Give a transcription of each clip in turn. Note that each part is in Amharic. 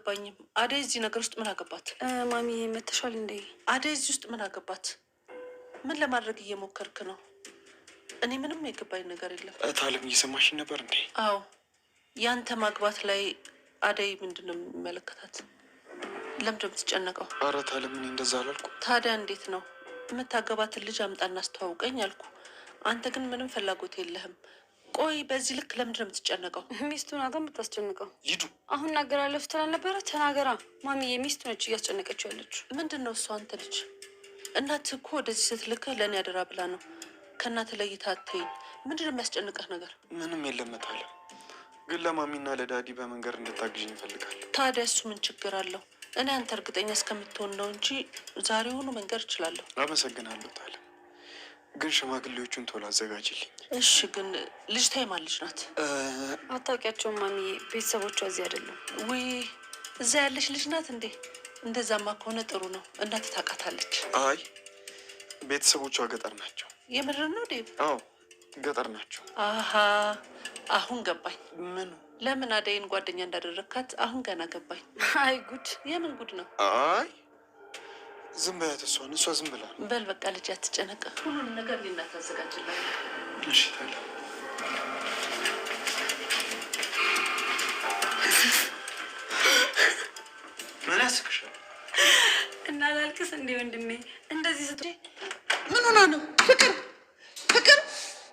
አልገባኝም። አደይ እዚህ ነገር ውስጥ ምን አገባት? ማሚ መተሻል እንደ አደይ እዚህ ውስጥ ምን አገባት? ምን ለማድረግ እየሞከርክ ነው? እኔ ምንም የገባኝ ነገር የለም። ታለም እየሰማሽኝ ነበር እንዴ? አዎ፣ ያንተ ማግባት ላይ አደይ ምንድን ነው የሚመለከታት? ለምንድን ነው የምትጨነቀው? እኔ እንደዛ አላልኩ። ታዲያ እንዴት ነው የምታገባትን ልጅ አምጣ አስተዋውቀኝ አልኩ። አንተ ግን ምንም ፍላጎት የለህም። ቆይ በዚህ ልክ ለምንድን ነው የምትጨነቀው? ሚስቱ ናት የምታስጨንቀው። ይዱ አሁን እናገራለሁ ስላልነበረ ተናገራ። ማሚዬ ሚስቱ ነች እያስጨነቀችው ያለችው። ምንድን ነው እሷ? አንተ ልጅ እናት እኮ ወደዚህ ስትልክህ ለእኔ አደራ ብላ ነው። ከእናት ለይታ አትይኝ። ምንድን ነው የሚያስጨንቀህ ነገር? ምንም የለም እታለሁ፣ ግን ለማሚና ለዳዲ በመንገድ እንድታግዥኝ ይፈልጋል። ታዲያ እሱ ምን ችግር አለው? እኔ አንተ እርግጠኛ እስከምትሆን ነው እንጂ ዛሬውኑ መንገድ እችላለሁ። አመሰግናለሁ እታለሁ ግን ሽማግሌዎቹን ቶሎ አዘጋጅልኝ። እሺ። ግን ልጅቷ የማን ልጅ ናት? አታውቂያቸውም ማሚ። ቤተሰቦቿ እዚህ አይደለም። ውይ እዛ ያለች ልጅ ናት እንዴ? እንደዛማ ከሆነ ጥሩ ነው። እናት ታውቃታለች? አይ ቤተሰቦቿ ገጠር ናቸው። የምድር ነው ዴ? አዎ ገጠር ናቸው። አሀ አሁን ገባኝ። ምኑ? ለምን አደይን ጓደኛ እንዳደረግካት አሁን ገና ገባኝ። አይ ጉድ! የምን ጉድ ነው? አይ ዝም በያት እሷን፣ እሷ ዝም ብላ በል። በቃ ልጅ አትጨነቅ። ሁሉንም ነገር ሊና ታዘጋጅላል። እሺ ታዲያ ምን ያስቅሻል? እና ላልቅስ እንዲ ወንድሜ? እንደዚህ ስ ምን ሆና ነው? ፍቅር ፍቅር፣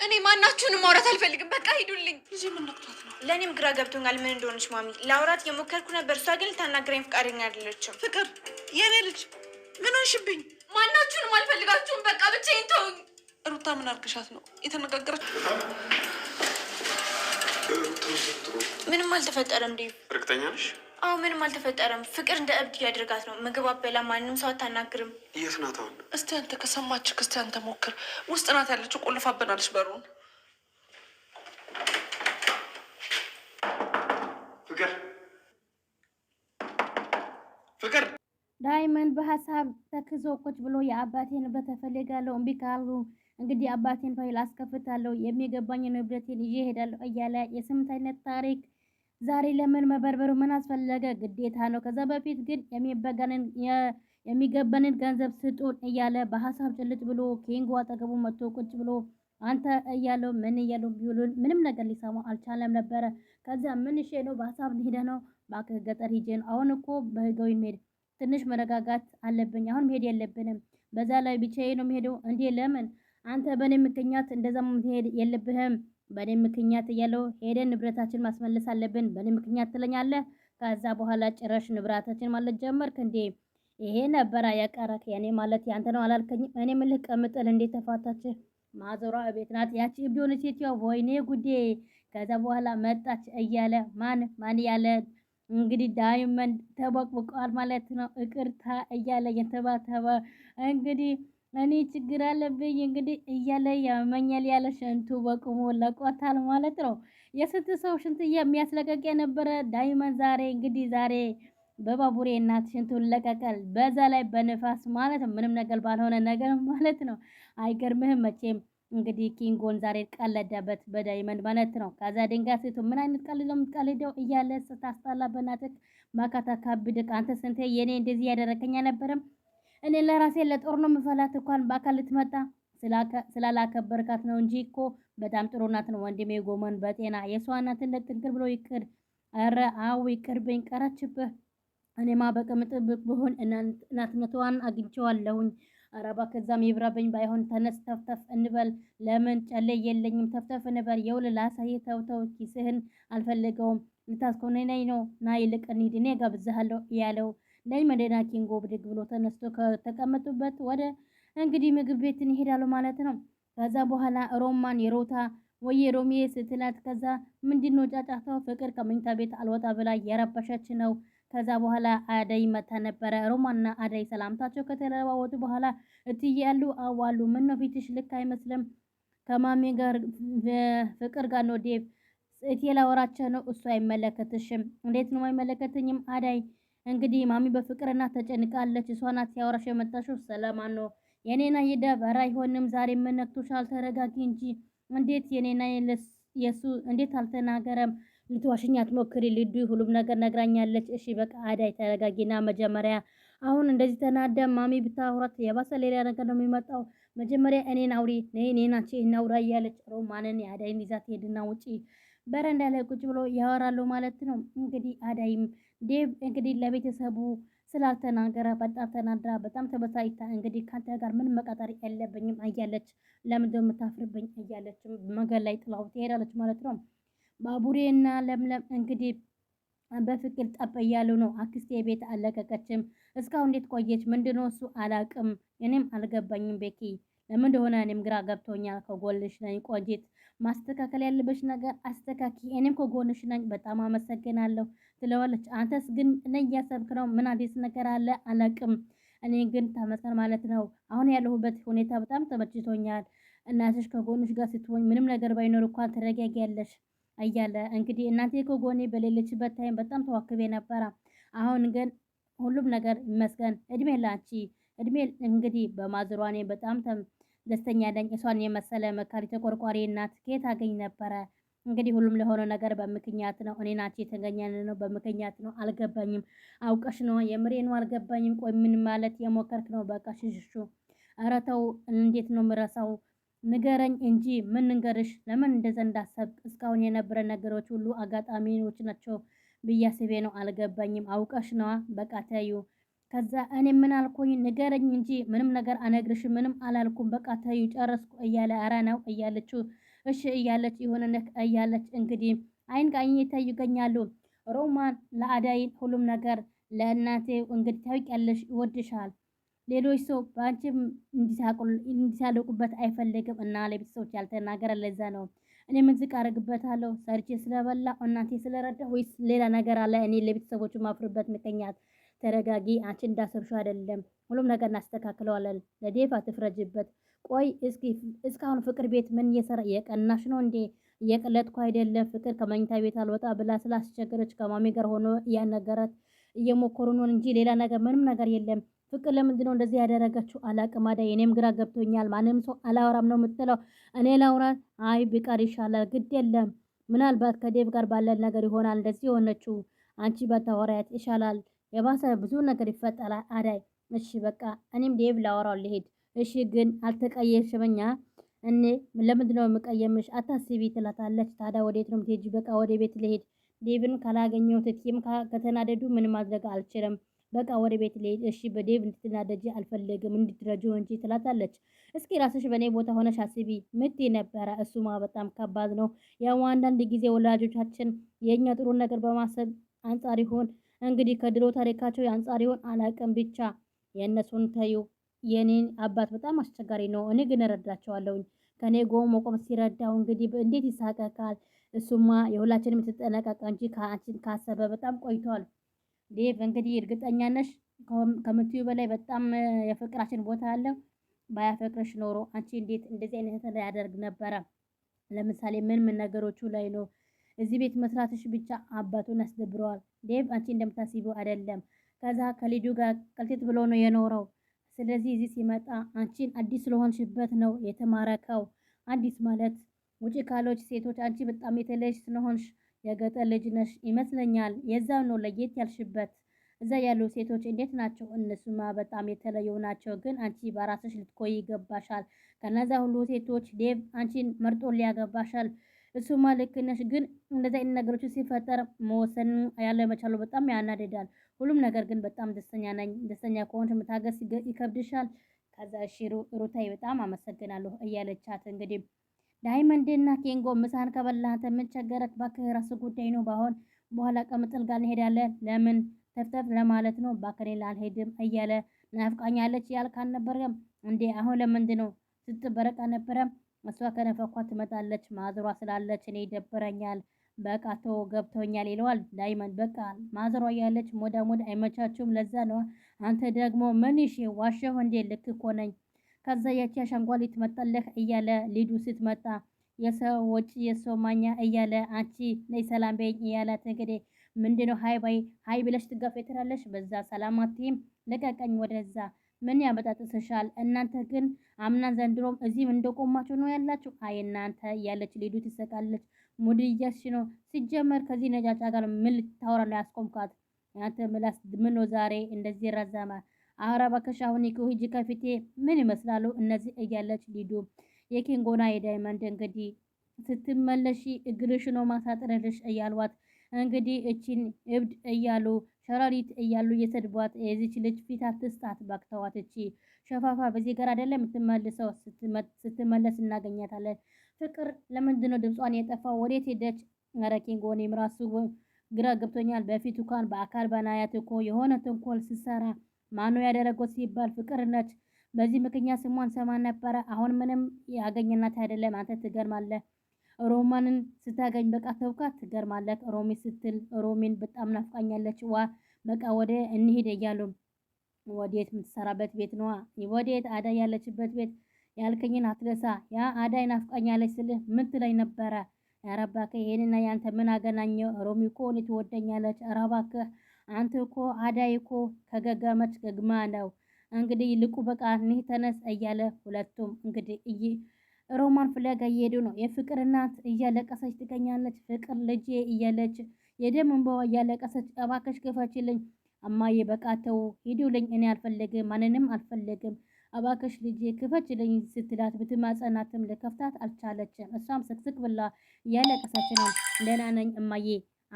እኔ ማናችሁንም ማውራት አልፈልግም። በቃ ሂዱልኝ። ልጄ ምን ነክቷት ነው? ለእኔም ግራ ገብቶኛል፣ ምን እንደሆነች ማሚ። ላውራት የሞከርኩ ነበር፣ እሷ ግን ልታናግረኝ ፍቃደኛ አይደለችም። ፍቅር የኔ ልጅ ምን ሆንሽብኝ? ማናችሁንም አልፈልጋችሁም። በቃ ብቻዬን ተውኝ። ሩታ ምን አርግሻት ነው የተነጋገረችው? ምንም አልተፈጠረም። እንዲ እርግጠኛ ነሽ? አዎ ምንም አልተፈጠረም። ፍቅር እንደ እብድ እያደረጋት ነው። ምግብ አበላ፣ ማንም ሰው አታናግርም። የት ናት አሁን? እስቲ አንተ ከሰማች ክስቲ አንተ ሞክር። ውስጥ ናት ያለችው፣ ቆልፋብናለች በሩን ዳይመንድ በሀሳብ ተክዞ ቁጭ ብሎ የአባቴን ንብረት እፈልጋለሁ፣ እምቢ ካሉ እንግዲህ አባቴን ፋይል አስከፍታለሁ፣ የሚገባኝ ንብረቴን ይዤ እሄዳለሁ እያለ የስምንት አይነት ታሪክ ዛሬ ለምን መበርበሩ ምን አስፈለገ? ግዴታ ነው። ከዛ በፊት ግን የሚገባንን ገንዘብ ስጡን እያለ በሀሳብ ጭልጥ ብሎ ኪንጉ አጠገቡ መጥቶ ቁጭ ብሎ አንተ እያለው ምን እያለው ቢውሉን ምንም ነገር ሊሰማ አልቻለም ነበረ። ከዛ ምን ሼ ነው በሀሳብ ሄደ ነው ገጠር ሂጄን አሁን እኮ በህጋዊ ሄድ ትንሽ መረጋጋት አለብኝ። አሁን መሄድ የለብንም። በዛ ላይ ብቻዬ ነው የምሄደው። እንዴ ለምን? አንተ በእኔ ምክንያት እንደዛ መሄድ የለብህም። በእኔ ምክንያት እያለው ሄደን ንብረታችን ማስመለስ አለብን። በእኔ ምክንያት ትለኛለህ። ከዛ በኋላ ጭራሽ ንብረታችን ማለት ጀመርክ እንዴ? ይሄ ነበረ ያቀረክ። የኔ ማለት ያንተ ነው አላልከኝ? እኔ ምልህ ቀምጠል እንዴት ተፋታችሁ? ማዘሯ እቤት ናት። ያቺ እብድ የሆነች ሴትዮ፣ ወይኔ ጉዴ። ከዛ በኋላ መጣች እያለ ማን ማን ያለ እንግዲህ ዳይመንድ ተቦቅብቋል ማለት ነው። እቅርታ እያለ የተባተበ እንግዲህ እኔ ችግር አለብኝ እንግዲህ እያለ ያመኛል ያለ ሽንቱ በቁሙ ለቆታል ማለት ነው። የስንት ሰው ሽንት የሚያስለቀቅ የነበረ ዳይመንድ ዛሬ እንግዲህ ዛሬ በባቡሬ እናት ሽንቱን ለቀቀል። በዛ ላይ በንፋስ ማለት ምንም ነገር ባልሆነ ነገር ማለት ነው። አይገርምህም መቼም እንግዲህ ኪንጎን ዛሬ ቀለደበት በዳይመንድ ማለት ነው። ከዛ ድንጋይ ሴቱ ምን አይነት ቀልድ ነው የምትቀልደው እያለ ስታስጣላ፣ በእናትህ ማካታ ካብድቅ አንተ ስንቴ የኔ እንደዚህ ያደረከኝ አልነበረም። እኔ ለራሴ ለጦር ነው የምፈላት እንኳን በአካል ልትመጣ ስላላከበርካት ነው እንጂ እኮ በጣም ጥሩ ናት ነው ወንድሜ። ጎመን በጤና የሷ እናትን ለጥንቅር ብሎ ይቅር። ኧረ አዎ ይቅርብኝ፣ ቀረችብህ። እኔማ በቅምጥ ብሆን እናትነቷን አግኝቼዋለሁኝ። አረባ ከዛም ይብራብኝ ባይሆን ተነስ ተፍተፍ እንበል። ለምን ጨሌ የለኝም ተፍተፍ እንበል። የውል ላሳይህ ተውተው ኪስህን አልፈለገውም። ልታስኮነነኝ ነው ና ይልቅ እንሂድ እኔ ጋብዝሃለሁ እያለው ላይ መደና ኪንጎ ብድግ ብሎ ተነስቶ ከተቀመጡበት ወደ እንግዲህ ምግብ ቤትን ይሄዳሉ ማለት ነው። ከዛ በኋላ ሮማን የሮታ ወይ ሮሜ ስትላት ከዛ ምንድነው ጫጫታው? ፍቅር ከመኝታ ቤት አልወጣ ብላ የረበሸች ነው። ከዛ በኋላ አደይ መታ ነበረ። ሮማና አደይ ሰላምታቸው ከተለዋወጡ በኋላ እትዬ ያሉ አዋሉ ምን ነው ፊትሽ ልክ አይመስልም። ከማሚ ጋር ፍቅር ጋር ነው ዴቭ እቴ ላወራቸው ነው። እሱ አይመለከትሽም። እንዴት ነው አይመለከተኝም? አደይ እንግዲህ ማሚ በፍቅርና ተጨንቃለች። እሷ ናት ሲያወራሽ የመጣሽው ሰለማን ነው። የኔና ይደበር አይሆንም። ዛሬ ምን ነክቶሻል? ተረጋጊ እንጂ እንዴት የኔና የሱ እንዴት አልተናገረም? ልትዋሽኝ አትሞክሪ ልዱ ሁሉም ነገር ነግራኛለች። እሺ በቃ አዳይ ተረጋጊና መጀመሪያ አሁን እንደዚህ ተናዳ ማሚ ብታውራት የባሰ ሌላ ነገር ነው የሚመጣው። መጀመሪያ እኔን አውሪ ነይ እኔን እናውራ እያለች ሮማንን የአዳይን ይዛት ሄድና ውጪ በረንዳ ላይ ቁጭ ብሎ ያወራሉ ማለት ነው። እንግዲህ አዳይም ዴቭ እንግዲህ ለቤተሰቡ ስላልተናገረ በጣም ተናድራ በጣም ተበሳጭታ እንግዲህ ከአንተ ጋር ምን መቀጠር የለብኝም እያለች ለምንድን የምታፍርብኝ እያለች መንገድ ላይ ጥላው ትሄዳለች ማለት ነው። ባቡሬና ለምለም እንግዲህ በፍቅር ጠብ እያሉ ነው። አክስቴ ቤት አለቀቀችም። እስካሁን እንዴት ቆየች? ምንድነው እሱ? አላቅም። እኔም አልገባኝም። ቤኪ ለምን እንደሆነ እኔም ግራ ገብቶኛል። ከጎንሽ ነኝ ቆንጂት። ማስተካከል ያለበሽ ነገር አስተካኪ፣ እኔም ከጎንሽ ነኝ። በጣም አመሰግናለሁ ትለዋለች። አንተስ ግን እኔ እያሰብክ ነው? ምን አዲስ ነገር አለ? አላቅም። እኔ ግን ተመስገን ማለት ነው። አሁን ያለሁበት ሁኔታ በጣም ተመችቶኛል። እናትሽ ከጎንሽ ጋር ስትሆኝ ምንም ነገር ባይኖር እንኳን ትረጋጊያለሽ። እያለ እንግዲህ እናንተ እኮ ጎኔ በሌለችበት ታይም በጣም ተዋክቤ ነበረ። አሁን ግን ሁሉም ነገር ይመስገን። እድሜ ላንቺ እድሜ እንግዲህ በማዝሯኔ በጣም ደስተኛ ነኝ። እሷን የመሰለ መካሪ ተቆርቋሪ እናት ከየት አገኝ ነበረ? እንግዲህ ሁሉም ለሆነ ነገር በምክንያት ነው። እኔ ናቼ የተገኘን ነው በምክንያት ነው። አልገባኝም። አውቀሽ ነው የምሬ ነው አልገባኝም። ቆይ ምን ማለት የሞከርክ ነው? በቃ ሽሽሹ። ኧረ ተው፣ እንዴት ነው ምረሳው? ንገረኝ እንጂ ምን ንገርሽ? ለምን እንደዛ እንዳሰብክ? እስካሁን የነበረ ነገሮች ሁሉ አጋጣሚዎች ናቸው ብያስቤ ነው። አልገባኝም። አውቀሽ ነዋ። በቃ ተዩ። ከዛ እኔ ምን አልኩኝ? ንገረኝ እንጂ ምንም ነገር አነግርሽ፣ ምንም አላልኩም። በቃ ተዩ፣ ጨረስኩ እያለ አረ ነው እያለችው፣ እሺ እያለች የሆነ እያለች እንግዲህ አይን ቃኝ ይታዩገኛሉ። ሮማን ለአዳይ ሁሉም ነገር ለእናቴ እንግዲህ ታውቂያለሽ፣ ይወድሻል ሌሎች ሰው በአንቺም እንዲሳለቁበት አይፈልግም እና ለቤተሰቦች ያልተናገረ ለዛ ነው። እኔ ምን ዝቅ አደርግበታለሁ? ሰርቼ ስለበላ እናቴ ስለረዳ ወይስ ሌላ ነገር አለ? እኔ ለቤተሰቦቹ ማፍርበት ምቀኛት። ተረጋጊ፣ አንቺ እንዳሰብሽው አይደለም። ሁሉም ነገር እናስተካክለዋለን። ለዴፍ አትፍረጅበት። ቆይ እስኪ እስካሁን ፍቅር ቤት ምን እየሰራ የቀናሽ ነው እንዴ? የቅለትኩ አይደለም። ፍቅር ከመኝታ ቤት አልወጣ ብላ ስላስቸገረች ከማሚ ጋር ሆኖ እያነገረት እየሞከሩ ነው እንጂ ሌላ ነገር ምንም ነገር የለም። ፍቅር ለምንድነው ነው እንደዚህ ያደረገችው አላቅም። አደይ እኔም ግራ ገብቶኛል። ማንም ሰው አላወራም ነው የምትለው። እኔ ላውራ አይ ቢቀር ይሻላል። ግድ የለም ምናልባት ከዴቭ ጋር ባለን ነገር ይሆናል እንደዚህ የሆነችው። አንቺ በታወሪያት ይሻላል። የባሰ ብዙ ነገር ይፈጠራል። አዳይ እሺ በቃ እኔም ዴቭ ላወራው ልሄድ። እሺ ግን አልተቀየሽበኛ እኔ ለምንድን ነው የምቀየምሽ? አታስቢ ትላታለች። ታዲያ ወዴት ነው የምትሄጂ? በቃ ወደ ቤት ልሄድ። ዴቭን ካላገኘሁት ቲም ከተናደዱ ምን ማድረግ አልችልም። በቃ ወደ ቤት ልሂድ እሺ፣ በዴቭ እንድትናደጂ አልፈለግም እንድትረጂ እንጂ ትላታለች። እስኪ ራስሽ በእኔ ቦታ ሆነሽ አስቢ ምት ነበረ። እሱማ በጣም ከባድ ነው። ያው አንዳንድ ጊዜ ወላጆቻችን የእኛ ጥሩ ነገር በማሰብ አንጻር ይሆን እንግዲህ ከድሮ ታሪካቸው አንጻር ይሆን አላቅም፣ ብቻ የእነሱን ተዩ። የኔን አባት በጣም አስቸጋሪ ነው። እኔ ግን እረዳቸዋለሁኝ። ከኔ ጎን መቆም ሲረዳው እንግዲህ እንዴት ይሳቀቃል። እሱማ የሁላችንም የተጠነቀቀ እንጂ ከአንቺን ካሰበ በጣም ቆይቷል። ዴቭ እንግዲህ እርግጠኛ ነሽ ከምትዩ በላይ በጣም የፍቅራችን ቦታ አለ ባያፈቅርሽ ኖሮ አንቺ እንዴት እንደዚህ አይነት ነገር ያደርግ ነበረ? ለምሳሌ ምን ምን ነገሮቹ ላይ ነው? እዚህ ቤት መስራትሽ ብቻ አባቱን ያስደብረዋል። ዴቭ አንቺ እንደምታስቢው አይደለም። ከዛ ከልጁ ጋር ቅልጥት ብሎ ነው የኖረው። ስለዚህ እዚህ ሲመጣ አንቺን አዲስ ስለሆንሽበት ነው የተማረከው። አዲስ ማለት ውጭ ካሎች ሴቶች አንቺ በጣም የተለየሽ ስለሆንሽ የገጠር ልጅ ነሽ ይመስለኛል። የዛው ነው ለየት ያልሽበት። እዛ ያሉ ሴቶች እንዴት ናቸው? እነሱማ በጣም የተለዩ ናቸው። ግን አንቺ በራስሽ ልትቆይ ይገባሻል። ከነዛ ሁሉ ሴቶች ዴቭ አንቺን መርጦ ሊያገባሻል። እሱማ ልክ ነሽ። ግን እንደዛ አይነት ነገሮች ሲፈጠር መወሰን ያለመቻሉ በጣም ያናደዳል ሁሉም ነገር ግን በጣም ደስተኛ ነኝ። ደስተኛ ከሆንሽ መታገስ ይከብድሻል። ከዛ እሺ ሩታይ በጣም አመሰግናለሁ እያለቻት እንግዲህ ዳይመንድና እና ኬንጎ ምሳህን ከበላህ ምን ቸገረክ? እባክህ ራስህ ጉዳይ ነው። ባሁን በኋላ ቀምጥል ጋር እንሄዳለን። ለምን ተፍተፍ ለማለት ነው። ባከኔ ላልሄድም እያለ ናፍቃኛለች ያልክ አልነበረም እንዴ? አሁን ለምንድን ነው ስትበረቅ አልነበረም? እሷ ከነፈኳ ትመጣለች። ማዘሯ ስላለች እኔ ይደበረኛል። በቃ ተው ገብቶኛል ይለዋል ዳይመንድ። በቃ ማዘሯ ያለች ሞዳ ሞዳ አይመቻችሁም። ለዛ ነው አንተ ደግሞ ምን ይሽ ዋሸሁ እንዴ? ልክ እኮ ነኝ ከዛ ያቺ አሻንጓሊት መጣለህ እያለ ሊዱ ስትመጣ የሰው ወጪ የሰው ማኛ እያለ አንቺ ነይ ሰላም በይኝ እያላት እንግዲህ ምንድነው ሀይ ባይ ሀይ ብለሽ ትጋፍ ትላለሽ። በዛ ሰላማቴም አትይም። ልቀቀኝ ወደዛ ምን ያመጣጥስሻል? እናንተ ግን አምናን ዘንድሮም እዚህም እንደቆማችሁ ነው ያላችሁ። አይ እናንተ እያለች ሊዱ ትሰቃለች። ሙድ እያስሽ ነው ሲጀመር። ከዚህ ነጫጫ ጋር ምን ልታወራ ነው ያስቆምካት? ያንተ ምላስ ምን ነው ዛሬ እንደዚህ ረዘመ? አረ እባክሽ አሁን እኮ ሂጂ ከፊቴ። ምን ይመስላሉ እነዚህ እያለች ሊዱ የኬንጎና የዳይመንድ እንግዲህ ስትመለሺ እግርሽ ነው ማሳጠረልሽ እያልዋት እንግዲህ እቺን እብድ እያሉ ሸረሪት እያሉ እየሰድቧት የዚች ልጅ ፊት አትስጣት ባክተዋት እቺ ሸፋፋ በዚህ ጋር አይደለም የምትመልሰው ስትመለስ እናገኛታለን። ፍቅር ለምንድነው ድምጿን የጠፋው? ወዴት ሄደች? ኧረ ኬንጎኔም ራሱ ግራ ገብቶኛል። በፊት እንኳን በአካል በናያት እኮ የሆነ ተንኮል ስሰራ ማኑ ያደረገው ሲባል ፍቅር ነች። በዚህ ምክንያት ስሟን ሰማን ነበረ። አሁን ምንም ያገኘናት አይደለም። አንተ ትገርማለህ። ሮማንን ስታገኝ በቃ ተውካት። ትገርማለህ ሮሚ ስትል ሮሚን በጣም ናፍቃኛለች። ዋ በቃ ወደ እንሂድ እያሉ ወዴት? የምትሰራበት ቤት ነዋ። ወዴት? አዳይ ያለችበት ቤት። ያልከኝን አትደሳ። ያ አዳይ ናፍቃኛለች ስልህ ምን ትለኝ ነበረ? ኧረ እባክህ ይሄንና ያንተ ምን አገናኘ ሮሚ እኮ እኔ ትወደኛለች። ኧረ እባክህ አንተ እኮ አዳይ እኮ ከገገመች ገግማ ነው። እንግዲህ ልቁ በቃ ንህ ተነስ እያለ ሁለቱም እንግዲህ እይ ሮማን ፍለጋ እየሄዱ ነው። የፍቅር እናት እያለቀሰች ትገኛለች። ፍቅር ልጄ እያለች የደም እንባዋ እያለቀሰች እባክሽ ክፈችልኝ እማዬ፣ በቃ ተው ሂዱልኝ፣ እኔ አልፈለግም፣ ማንንም አልፈለግም፣ እባክሽ ልጄ ክፈችልኝ ስትላት ብትማጸናትም ልከፍታት አልቻለችም። እሷም ስቅስቅ ብላ እያለቀሰች ነው። ደህና ነኝ እማዬ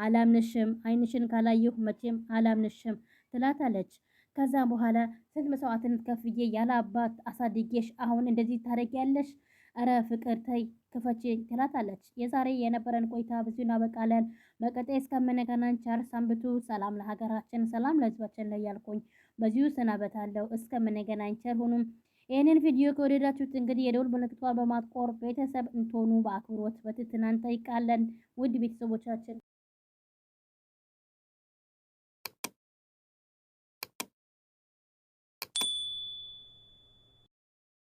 አላምንሽም፣ አይንሽን ካላየሁ መቼም አላምንሽም ትላታለች። ከዛ በኋላ ስንት መስዋዕትነት ከፍዬ ያለ አባት አሳድጌሽ አሁን እንደዚህ ታደርጊያለሽ? እረ ፍቅር ተይ ክፈች ትላታለች። የዛሬ የነበረን ቆይታ ብዙ እናበቃለን። በቀጣይ እስከምንገናኝ ቸር ሰንብቱ። ሰላም ለሀገራችን፣ ሰላም ለህዝባችን ላይ ያልኩኝ በዚሁ ሰናበታለሁ። እስከምንገናኝ ቸር ሁኑም። ይህንን ቪዲዮ ከወደዳችሁት እንግዲህ የደውል ምልክቷን በማጥቆር ቤተሰብ እንትሆኑ በአክብሮት በትህትና እንጠይቃለን። ውድ ቤተሰቦቻችን